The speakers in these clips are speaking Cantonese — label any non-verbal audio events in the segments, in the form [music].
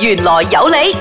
玄來有理。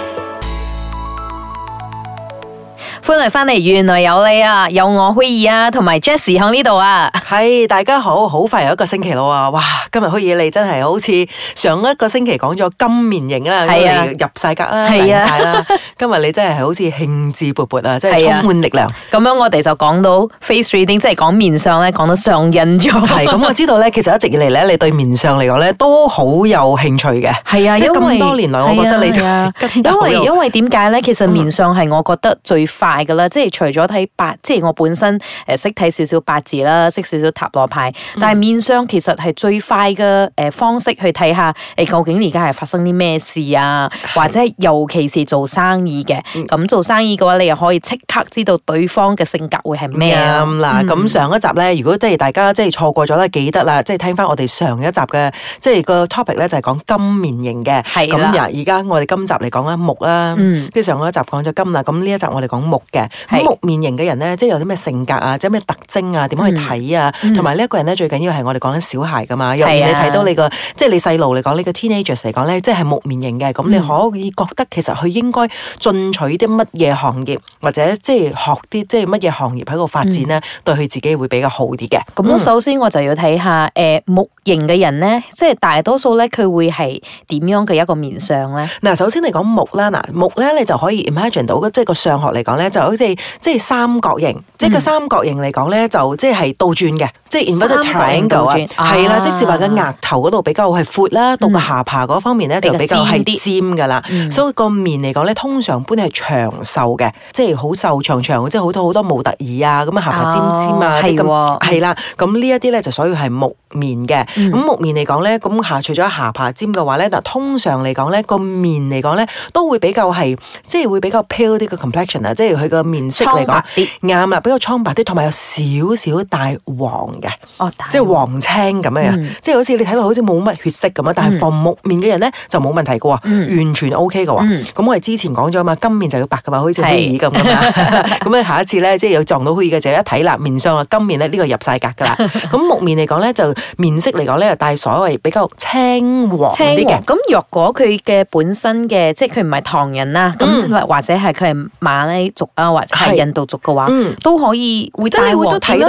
歡迎翻嚟，玄來有理啊，有我希爾在這裏啊，同埋 Jesse 喺呢度啊。係大家好，好快又一個星期咯喎，哇！今日希爾你真係好似上一個星期講咗金面型啦，我、啊、入晒格啦，係啊啦、啊。今日你真係好似興致勃勃啊，真係充滿力量。咁樣我哋就講到 face reading，即係講面相上咧，講到上癮咗。係咁我知道咧，其實一直以嚟咧，你對面上嚟講咧都好有興趣嘅。係啊，即咁多年來，我覺得你都、啊啊啊、因為因為點解咧？其實面上係我覺得最快。嘅啦，即係除咗睇八，即係我本身誒識睇少少八字啦，識少少塔羅牌，嗯、但係面相其實係最快嘅誒方式去睇下你究竟而家係發生啲咩事啊、嗯，或者尤其是做生意嘅，咁、嗯、做生意嘅話你又可以即刻知道對方嘅性格會係咩啊。咁、嗯嗯、上一集咧，如果即係大家即係錯過咗咧，記得啦，即係聽翻我哋上一集嘅，即、就、係、是、個 topic 咧就係講金面型嘅，咁而家我哋今集嚟講啦木啦，跟、嗯、住上一集講咗金啦，咁呢一集我哋講木。嘅木面型嘅人咧，即係有啲咩性格啊、嗯，即係咩特徵啊，點樣去睇啊？同埋呢一個人咧，最緊要係我哋講緊小孩噶嘛。入面你睇到你個，即係你細路嚟講，呢個 teenagers 嚟講咧，即係木面型嘅。咁、嗯、你可以覺得其實佢應該進取啲乜嘢行業，或者即係學啲即係乜嘢行業喺個發展咧、嗯，對佢自己會比較好啲嘅。咁首先我就要睇下，誒木型嘅人咧，即係大多數咧，佢會係點樣嘅一個面相咧？嗱，首先你講木啦，嗱木咧，你就可以 imagine 到，即係個上學嚟講咧。就好似即係三角形，嗯、即係個三角形嚟講咧，就即係倒轉嘅，即係然不就長角啊？係啦，即是話個額頭嗰度比較係闊啦，到個下巴嗰方面咧就比較係尖噶、嗯嗯啊哦哦、啦。所以個面嚟講咧，通常般係長瘦嘅，即係好瘦長長，即係好多好多模特兒啊，咁啊下巴尖尖啊，啲咁係啦。咁呢一啲咧就所以係木面嘅。咁木面嚟講咧，咁下除咗下巴尖嘅話咧，嗱通常嚟講咧個面嚟講咧都會比較係即係會比較 pale 啲個 complexion 啊，即係個面色嚟講啱啦，比較蒼白啲，同埋有少少帶黃嘅，即係黃青咁樣，即係好似你睇到好似冇乜血色咁啊。但係逢木面嘅人咧就冇問題噶喎，完全 OK 噶喎。咁我哋之前講咗嘛，金面就要白噶嘛，好似灰耳咁噶嘛。咁咧下一次咧，即係又撞到灰耳嘅就一睇啦，面上啊金面咧呢個入晒格噶啦。咁木面嚟講咧就面色嚟講咧帶所謂比較青黃啲嘅。咁若果佢嘅本身嘅即係佢唔係唐人啦，咁或者係佢係馬來族。啊，或者係印度族嘅話，嗯，都可以會，會真係會都睇到，即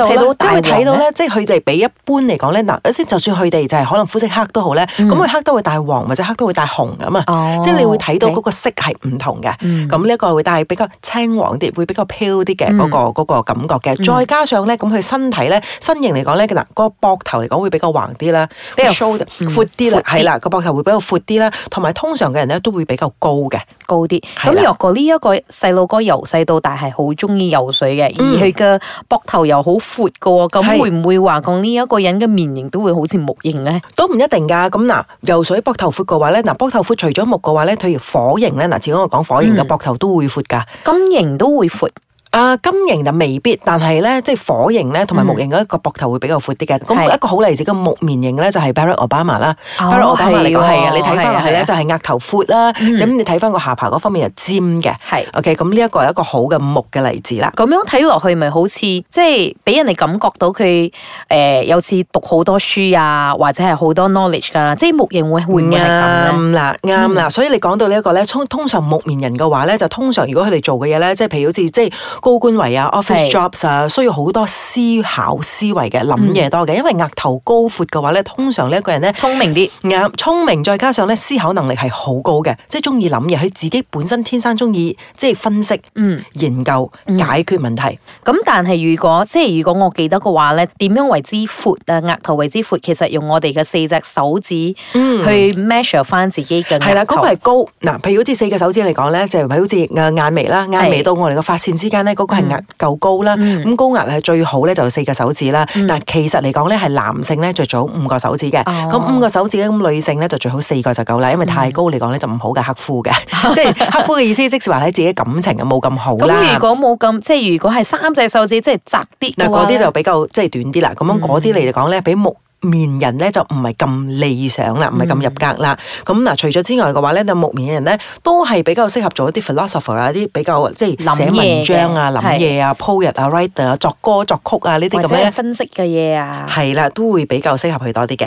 係會睇到咧，即係佢哋比一般嚟講咧，嗱，即係就算佢哋就係、是、可能膚色黑都好咧、咁、嗯、佢黑都會帶黃，或者黑都會帶紅咁啊，哦，即係你會睇到嗰個色係唔同嘅，咁呢一個會帶比較青黃啲，會比較飄啲嘅嗰個、嗯那個感覺嘅、嗯，再加上咧，咁佢身體咧，身形嚟講咧，嗱、那，個膊頭嚟講會比較橫啲啦，比較 show 闊啲啦，係啦，個膊頭會比較闊啲啦，同埋通常嘅人咧都會比較高嘅，高啲，咁若果呢一個細路哥由細。到大係好中意游水嘅，而佢嘅膊頭又好闊嘅喎，咁、嗯、會唔會話講呢一個人嘅面型都會好似木型咧？都唔一定噶。咁嗱，游水膊頭闊嘅話咧，嗱膊頭闊除咗木嘅話咧，譬如火型咧，嗱，始終我講火型嘅膊頭都會闊噶、嗯，金型都會闊。啊金型就未必，但係咧即係火型咧，同埋木型嗰一個膊頭會比較闊啲嘅。咁、嗯一，哦嗯嗯 okay，一個好例子嘅木面型咧，就係 Barack Obama 啦。Obama，係啊，係啊，你睇翻落去咧就係額頭闊啦。咁你睇翻個下巴嗰方面又尖嘅。係，OK，咁呢一個係一個好嘅木嘅例子啦。咁樣睇落去咪好似即係俾人哋感覺到佢誒、呃、有似讀好多書啊，或者係好多 knowledge 噶、啊。即、就、係、是、木型會會唔會係咁啦？啱、嗯、啦、嗯，所以你講到呢、這、一個咧，通通常木棉人嘅話咧，就通常如果佢哋做嘅嘢咧，即係譬如好似即係。高官位啊，office jobs 啊，需要好多思考思的、思維嘅諗嘢多嘅，因為額頭高闊嘅話咧，通常呢一個人咧聰明啲，啱聰明，嗯、聰明再加上咧思考能力係好高嘅，即係中意諗嘢。佢自己本身天生中意即係分析、嗯研究嗯、解決問題，咁但係如果即係如果我記得嘅話咧，點樣為之闊啊？額頭為之闊？其實用我哋嘅四隻手指去 measure 翻自己嘅係啦，個、嗯、係高嗱。譬如好似四隻手指嚟講咧，就係、是、好似眼眉啦，眼眉到我哋嘅髮線之間。嗰、那個係額夠高啦，咁、嗯嗯、高額係最好咧就是四個手指啦、嗯。但係其實嚟講咧係男性咧最早五個手指嘅，咁、哦、五個手指咧咁女性咧就最好四個就夠啦，因為太高嚟講咧就唔好嘅克夫嘅，即係克夫嘅意思即是話喺自己感情啊冇咁好啦。如果冇咁即係如果係三隻手指即係、就是、窄啲，嗱嗰啲就比較即係、就是、短啲啦。咁樣嗰啲嚟講咧比木。嗯綿人咧就唔係咁理想啦，唔係咁入格啦。咁、嗯、嗱，除咗之外嘅話咧，就木棉嘅人咧都係比較適合做一啲 philosopher 啦，啲比較即係寫文章啊、諗嘢啊、poet 啊、poet, writer 啊、作歌作曲啊呢啲咁樣分析嘅嘢啊，係啦，都會比較適合佢多啲嘅。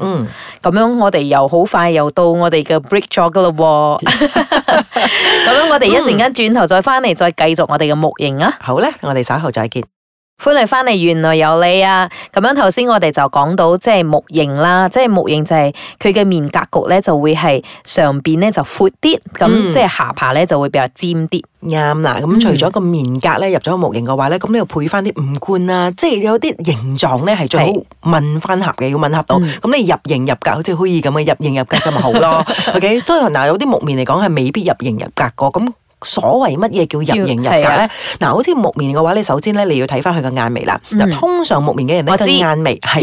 嗯咁、嗯、樣我哋又好快又到我哋嘅 break job 噶啦，咁 [laughs] [laughs] 樣我哋一陣間轉頭再翻嚟再繼續我哋嘅木型啊、嗯。好咧，我哋稍後再見。歡迎返嚟，原來有你啊！咁樣頭先我哋就講到即係木型啦，即係木型就係佢嘅面格局咧就會係上邊咧就闊啲，咁、嗯、即係下巴咧就會比較尖啲。啱啦，咁除咗個面格咧入咗個木型嘅話咧，咁你要配翻啲五官啦。即係有啲形狀咧係最好吻翻合嘅，要吻合到。咁、嗯、你入型入格好似虛擬咁嘅，入型入格咁咪好咯。 [laughs] OK，所以嗱有啲木面嚟講係未必入型入格嘅咁。所謂乜嘢叫入型入格咧？嗱、哦，好似、啊、木棉，嘅話你首先咧你要睇翻佢嘅眼眉啦、嗯。通常木棉嘅人咧，個眼眉係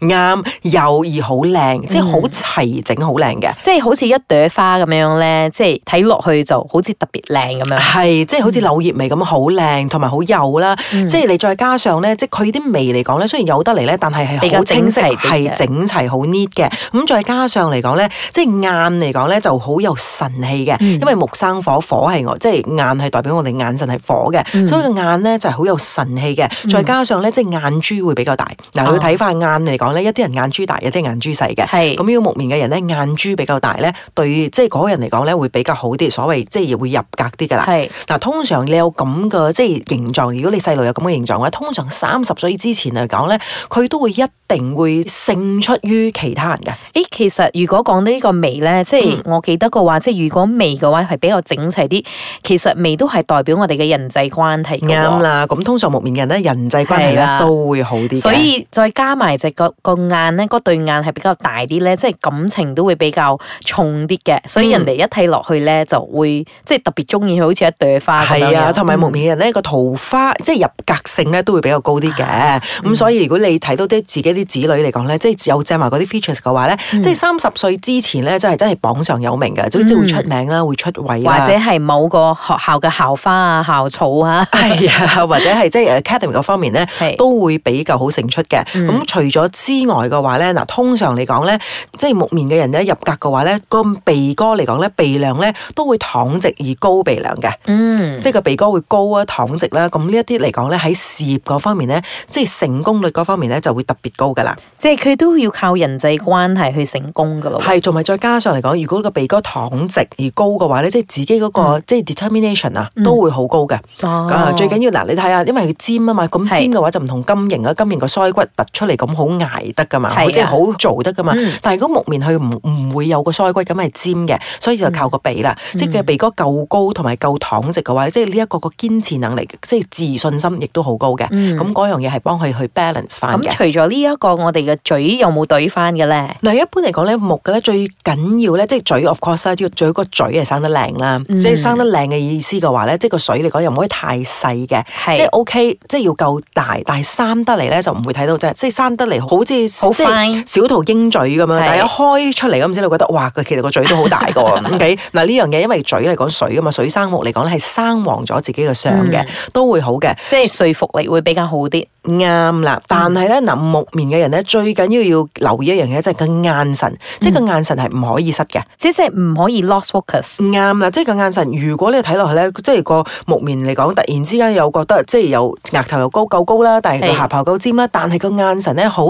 啱、幼而好靚、嗯，即係好齊整、好靚嘅。即係好似一朵花咁樣咧，即係睇落去就好似特別靚咁樣。係、嗯，即係好似柳葉眉咁，好靚同埋好幼啦。即係你再加上咧，即係佢啲眉嚟講咧，雖然幼得嚟咧，但係係好清晰、係整齊、好 neat 嘅。咁再加上嚟講咧，即係眼嚟講咧就好有神氣嘅、嗯，因為木生火，火係我。即係眼係代表我哋眼神係火嘅、嗯，所以個眼咧就係好有神氣嘅、嗯。再加上咧，即係眼珠會比較大。嗱、嗯，要睇翻眼嚟講咧，一啲人眼珠大，一啲眼珠細嘅。咁要木棉嘅人咧，眼珠比較大咧，對即係嗰個人嚟講咧會比較好啲，所謂即係、就是、會入格啲噶啦。係嗱，但通常你有咁嘅即係形狀，如果你細路有咁嘅形狀嘅話，通常三十歲之前嚟講咧，佢都會一定會勝出於其他人嘅。誒，其實如果講到呢個眉咧，即係我記得嘅話，嗯、即係如果眉嘅話係比較整齊啲。其實眉都係代表我哋嘅人際關係啱啦。咁通常木面人咧，人際關係咧都會好啲。所以再加埋隻個個眼咧，嗰對眼係比較大啲咧，即係感情都會比較重啲嘅。所以人哋一睇落去咧，就會、嗯、即係特別中意佢，好似一朵花一樣。係啊，同埋木面的人咧，個、嗯、桃花即係入格性咧都會比較高啲嘅。咁、嗯、所以如果你睇到啲自己啲子女嚟講咧，即係有正埋嗰啲 features 嘅話咧，嗯、即係三十歲之前咧，真係真係榜上有名嘅，總、嗯、之會出名啦，會出位或者係冇。個學校嘅校花啊、校草啊，係 [laughs] 啊，或者係即係誒，academy 嗰方面咧，都會比較好勝出嘅。咁、嗯、除咗之外嘅話咧，嗱，通常嚟講咧，即係木棉嘅人咧入格嘅話咧，個鼻哥嚟講咧，鼻梁咧都會躺直而高鼻梁嘅。嗯，即係個鼻哥會高啊，躺直啦。咁呢一啲嚟講咧，喺事業嗰方面咧，即係成功率嗰方面咧，就會特別高噶啦。即係佢都要靠人際關係去成功噶咯。係，仲咪再加上嚟講，如果個鼻哥躺直而高嘅話咧，即係自己嗰個即係。嗯 determination 啊、嗯，都會好高嘅、哦啊。最緊要嗱，你睇下，因為佢尖啊嘛，咁尖嘅話就唔同金形啊，金形個腮骨突出嚟咁好捱得噶嘛，即係好做得噶嘛。但係如果木棉佢唔唔會有個腮骨咁係尖嘅，所以就靠個鼻啦、嗯，即係佢鼻哥夠高同埋夠躺直嘅話，嗯、即係呢一個個堅持能力，即係自信心亦都好高嘅。咁、嗯、嗰樣嘢係幫佢去 balance 翻。咁除咗呢一個，我哋嘅嘴有冇對翻嘅咧？嗱，一般嚟講咧，木嘅咧最緊要咧，即係嘴。Of course 啦，嘴，個嘴係生得靚啦，即係生得。靚嘅意思嘅話咧，即係個水嚟講又唔可以太細嘅，即係 O K，即係要夠大。但係生得嚟咧就唔會睇到啫，即係生得嚟好似好即係小桃鷹嘴咁樣。但係一開出嚟咁，先，知你會覺得哇，佢其實個嘴都好大個。O K，嗱呢樣嘢因為嘴嚟講水啊嘛，水生木嚟講咧係生黃咗自己嘅相嘅，都會好嘅，即係說服力會比較好啲。啱啦、嗯，但係咧嗱木面嘅人咧最緊要是要留意的一樣嘢，即係個眼神，嗯、即係個眼神係唔可以失嘅，即係唔可以 loss focus。啱啦，即係個眼神如。如果你睇落去咧，即係個木棉，嚟講，突然之間又覺得即係有額頭又高夠高啦，但係個下巴夠尖啦，但係個眼神咧好，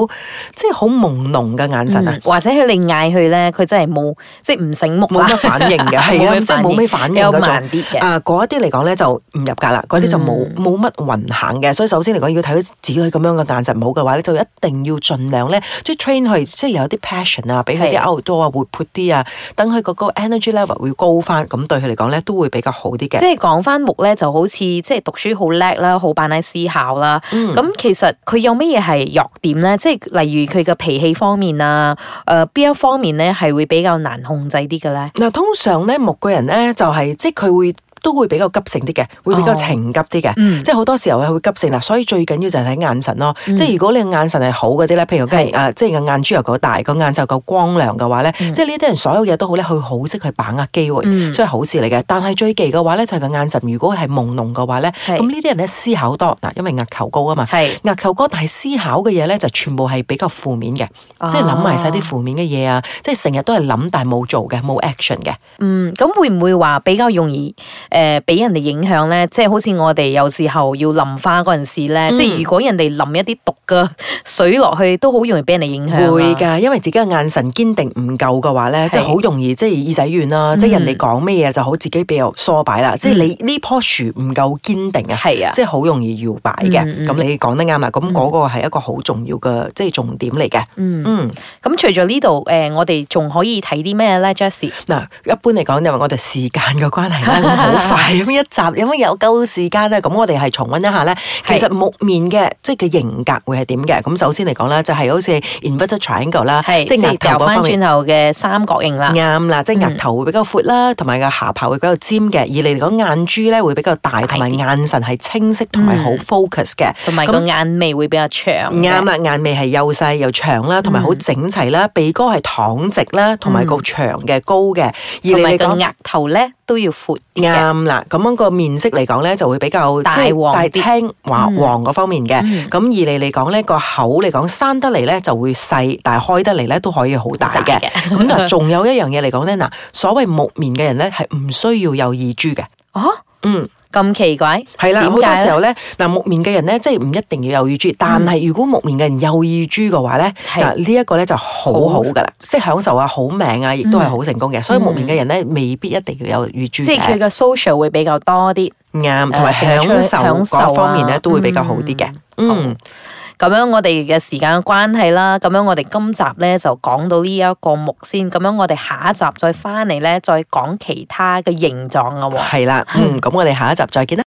即係好朦朧嘅眼神啊。或者佢你嗌佢咧，佢真係冇即係唔醒目，冇乜反應嘅，係啊，即係冇咩反應嗰種。啊，嗰一啲嚟講咧就唔入格啦，嗰啲就冇冇乜運行嘅。所以首先嚟講，要睇到子女咁樣嘅眼神唔好嘅話咧，你就一定要盡量咧即係 train 佢，即係有啲 passion 啊，俾佢啲 outdoor 啊，活潑啲啊，等佢嗰個 energy level 會高翻，咁對佢嚟講咧都會。比較好啲嘅，即係講返木咧，就好似即係讀書好叻啦，好扮得思考啦。咁、嗯、其實佢有乜嘢係弱點咧？即係例如佢嘅脾氣方面啊，誒、呃、邊一方面咧係會比較難控制啲嘅咧？嗱，通常咧木個人咧就係、是、即係佢會。都會比較急性啲嘅，會比較情急啲嘅、哦嗯，即係好多時候會急性啦，所以最緊要就係睇眼神咯，嗯、即係如果你嘅眼神係好嗰啲咧，譬如即係眼眼珠又夠大，個眼就夠光亮嘅話咧、嗯，即係呢啲人所有嘢都好咧，佢好識去把握機會、嗯，所以好事嚟嘅。但係最忌嘅話咧就係個眼神如果係朦朧嘅話咧，咁呢啲人咧思考多嗱，因為額球高啊嘛，額球高，但係思考嘅嘢咧就全部係比較負面嘅、哦，即係諗埋晒啲負面嘅嘢啊，即係成日都係諗但係冇做嘅，冇 action 嘅。嗯，咁會唔會話比較容易？誒、呃、俾人哋影響咧，即係好似我哋有時候要淋花嗰陣時咧、嗯，即係如果人哋淋一啲毒嘅水落去，都好容易俾人哋影響。會㗎，因為自己嘅眼神堅定唔夠嘅話咧，即係好容易即係耳仔軟啦，即係、嗯、人哋講咩嘢就好，自己比較梳擺啦、嗯。即係你呢棵樹唔夠堅定啊，係啊、即係好容易搖擺嘅。咁你講得啱啦，咁嗰個係一個好重要嘅即係重點嚟嘅。嗯，咁、嗯嗯嗯嗯、除咗呢度我哋仲可以睇啲咩咧，Jesse？嗱，一般嚟講，你話我哋時間嘅關係咧。 [laughs] 快咁一集，有冇有夠時間咧？咁我哋係重温一下咧。其實木面嘅，即係嘅型格會係點嘅？咁首先嚟講咧，就係好似 inverted triangle 啦，即係頭翻轉頭嘅三角形啦。啱啦，即係額頭會比較闊啦，同埋個下巴會比較尖嘅。而你嚟講眼珠咧會比較大，同埋眼神係清晰同埋好 focus 嘅，同埋個眼眉會比較長。啱啦，眼眉係又細又長啦，同埋好整齊啦。鼻哥係躺直啦，同埋個長嘅高嘅。同埋個額頭咧。都要闊啱啦。咁、嗯、樣個面色嚟講咧，就會比較大，黃、就是黃嗯嗯、會大，但係青黃黃嗰方面嘅。咁二你嚟講咧，個口嚟講生得嚟咧就會細，但係開得嚟咧都可以好大嘅。咁嗱，仲有一樣嘢嚟講咧，嗱，所謂木棉嘅人咧係唔需要有耳珠嘅。哦，嗯。咁奇怪，係啦，好多時候咧，嗱，木面嘅人咧，即係唔一定要有耳珠，嗯，但係如果木面嘅人有耳珠嘅話咧，嗱，嗯、呢，這，一個咧就好好噶啦，識享受啊，好命啊，亦都係好成功嘅，嗯，所以木面嘅人咧，未必一定要有耳珠。即係佢嘅 social 會比較多啲，啱，同埋享受方面咧都會比較好啲嘅，嗯。嗯咁樣我哋嘅時間關係啦，咁樣我哋今集咧就講到呢一個木先，咁樣我哋下一集再返嚟咧再講其他嘅形狀噶喎。係啦， [laughs] 嗯，咁我哋下一集再見啦。